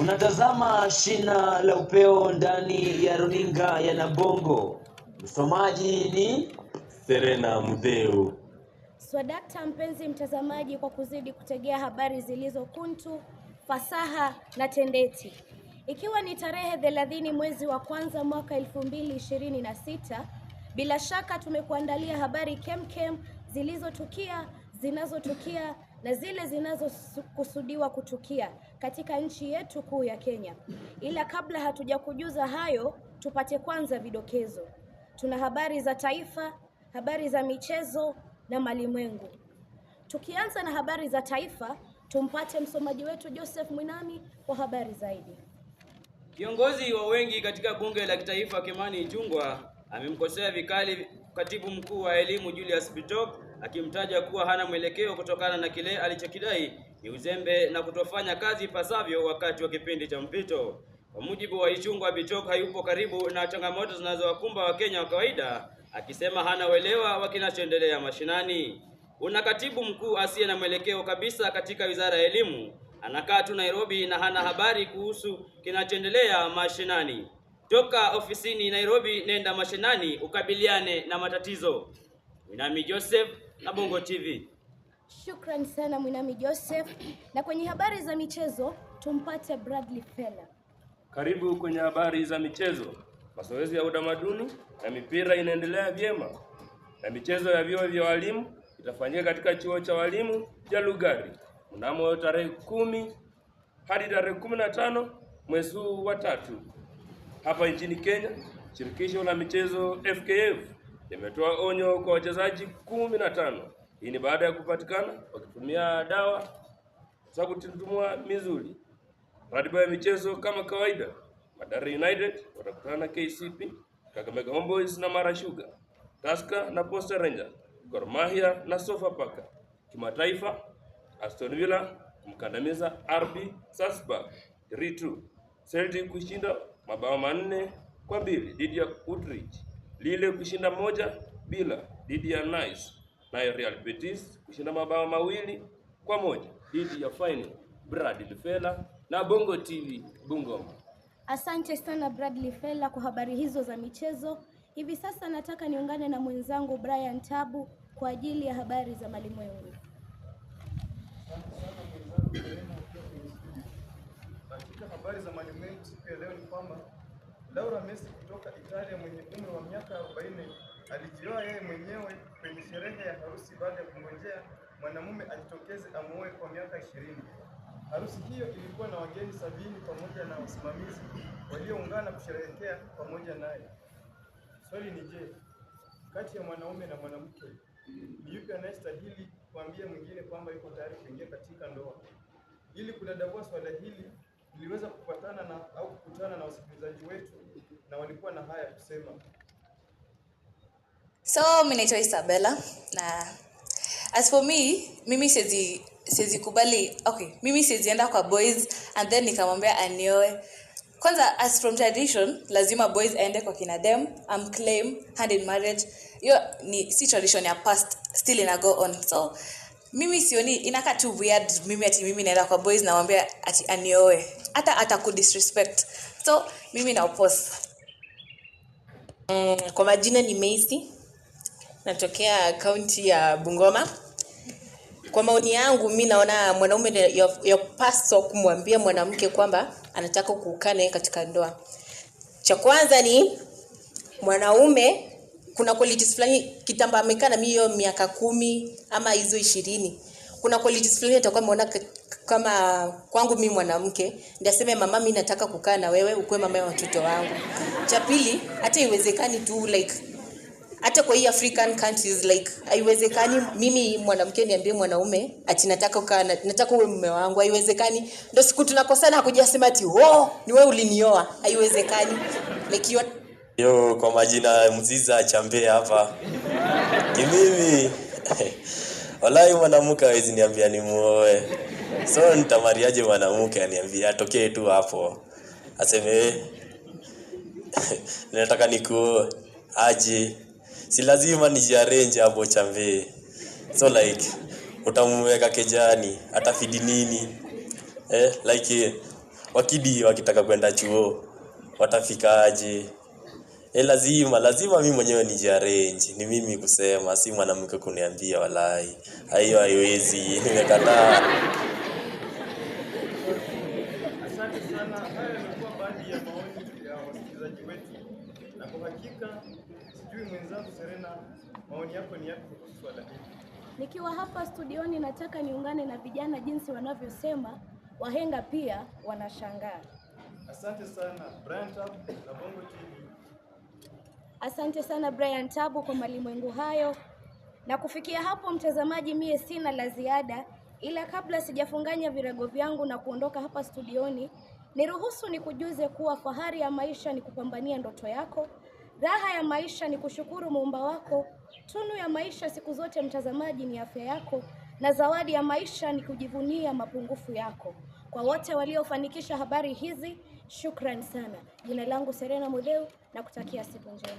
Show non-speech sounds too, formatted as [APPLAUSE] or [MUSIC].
Unatazama shina la upeo ndani ya runinga ya Nabongo. Msomaji ni Serena Mdheu. Swadakta mpenzi mtazamaji, kwa kuzidi kutegea habari zilizokuntu fasaha na tendeti. Ikiwa ni tarehe 30 mwezi wa kwanza mwaka 2026, bila shaka tumekuandalia habari kemkem zilizotukia, zinazotukia na zile zinazokusudiwa kutukia katika nchi yetu kuu ya Kenya. Ila kabla hatuja kujuza hayo, tupate kwanza vidokezo. Tuna habari za taifa, habari za michezo na malimwengu. Tukianza na habari za taifa, tumpate msomaji wetu Joseph Mwinami kwa habari zaidi. Kiongozi wa wengi katika bunge la kitaifa Kimani Ichung'wah amemkosea vikali katibu mkuu wa elimu Julius Bitok akimtaja kuwa hana mwelekeo kutokana na kile alichokidai ni uzembe na kutofanya kazi ipasavyo wakati wa kipindi cha mpito. Kwa mujibu wa wa Bichok, hayupo karibu na changamoto zinazowakumba Wakenya wa kawaida, akisema hana uelewa wa kinachoendelea mashinani. Kuna katibu mkuu asiye na mwelekeo kabisa katika wizara ya elimu, anakaa tu Nairobi na hana habari kuhusu kinachoendelea mashinani. Toka ofisini Nairobi, nenda mashinani ukabiliane na matatizo. Winami Joseph na Bongo TV. Shukran sana Mwinami Joseph. Na kwenye habari za michezo tumpate Bradley Fella. Karibu kwenye habari za michezo. Mazoezi ya utamaduni na mipira inaendelea vyema na michezo ya vyuo vya walimu itafanyika katika chuo cha walimu cha Lugari mnamo tarehe kumi hadi tarehe kumi na tano mwezi huu wa tatu hapa nchini Kenya. Shirikisho la michezo FKF limetoa onyo kwa wachezaji kumi na tano hii ni baada ya kupatikana wakitumia dawa za kututumua mizuri. Ratiba ya michezo kama kawaida, Mathare United watakutana na KCP, Kakamega Homeboys na Mara Sugar, Tusker na Posta Rangers, Gor Mahia na Sofapaka. Kimataifa, Aston Villa kumkandamiza RB Salzburg 3-2. Celtic kushinda mabao manne kwa mbili dhidi ya Utrecht. Lille kushinda moja bila dhidi ya Nice nayo Real Betis kushinda mabao mawili kwa moja dhidi ya Final Bradley Fela na Bongo TV Bungoma. Asante sana Bradley Fela kwa habari hizo za michezo. Hivi sasa nataka niungane na mwenzangu Brian Tabu kwa ajili ya habari za malimwengu. Katika habari za malimwengu siku ya leo ni kwamba Laura Messi kutoka Italia mwenye umri wa miaka 40 Alijioa yeye mwenyewe kwenye sherehe ya harusi baada ya kungojea mwanamume ajitokeze amuoe kwa miaka ishirini. Harusi hiyo ilikuwa na wageni sabini pamoja na wasimamizi walioungana kusherehekea pamoja naye. Swali ni je, kati ya mwanaume na mwanamke ni yupi anayestahili kuambia mwingine kwamba yuko tayari kuingia katika ndoa? Ili kudadavua swala hili, niliweza kupatana na au kukutana na wasikilizaji wetu na walikuwa na haya kusema so mi naitwa isabela na as for me mimi siezi kubali okay mimi siezienda kwa boys and then nikamwambia anioe kwanza as from tradition lazima boys aende kwa kina dem kinadem claim hand in marriage hiyo ni si tradition ya past still ina go on so mimi sioni inaka tu weird mimi ati mimi naenda kwa boys nawambia ati anioe hata ataku disrespect so mimi na opos mm, kwa majina ni meisi natokea kaunti ya Bungoma. Kwa maoni yangu, mi naona mwanaume yapaswa kumwambia mwanamke kwamba anataka kukaa naye katika ndoa. Cha kwanza ni mwanaume, kuna qualities fulani kitamba amekaa na mimi hiyo miaka kumi ama hizo ishirini kuna qualities fulani atakuwa ameona kama kwangu mimi mwanamke ndio aseme mama, mimi nataka kukaa na wewe, ukuwe mama ya watoto wangu. Cha pili, hata iwezekani tu like hata kwa hii African countries like haiwezekani mimi mwanamke niambie mwanaume ati nataka ukaa nataka uwe mume wangu, haiwezekani. Ndio siku tunakosana hakuja sema ati oh, ni wewe ulinioa, haiwezekani like yo Yo, kwa majina Mziza Chambe hapa ni mimi [LAUGHS] walai, mwanamke hawezi niambia muoe so nitamariaje mwanamke aniambia atokee tu hapo aseme [LAUGHS] nataka nikuoe aje si lazima nijiarrange hapo chambee. So like utamweka kejani atafidi nini eh, like wakidi wakitaka kwenda chuo watafikaje? Eh, lazima lazima mimi mwenyewe nijiarrange, ni mimi kusema, si mwanamke kuniambia. Walai, hiyo haiwezi, nimekataa. Sijui mwenzangu Serena, maoni yako ni yapi kuhusu swala hili? Nikiwa hapa studioni, nataka niungane na vijana jinsi wanavyosema, wahenga pia wanashangaa. Asante sana Brian Tabu na Bongo TV. Asante sana Brian Tabu kwa malimwengu hayo. Na kufikia hapo, mtazamaji, mie sina la ziada, ila kabla sijafunganya virago vyangu na kuondoka hapa studioni, niruhusu nikujuze kuwa fahari ya maisha ni kupambania ndoto yako Raha ya maisha ni kushukuru muumba wako. Tunu ya maisha siku zote, mtazamaji, ni afya yako, na zawadi ya maisha ni kujivunia mapungufu yako. Kwa wote waliofanikisha habari hizi, shukrani sana. Jina langu Serena Modeu na kutakia siku njema.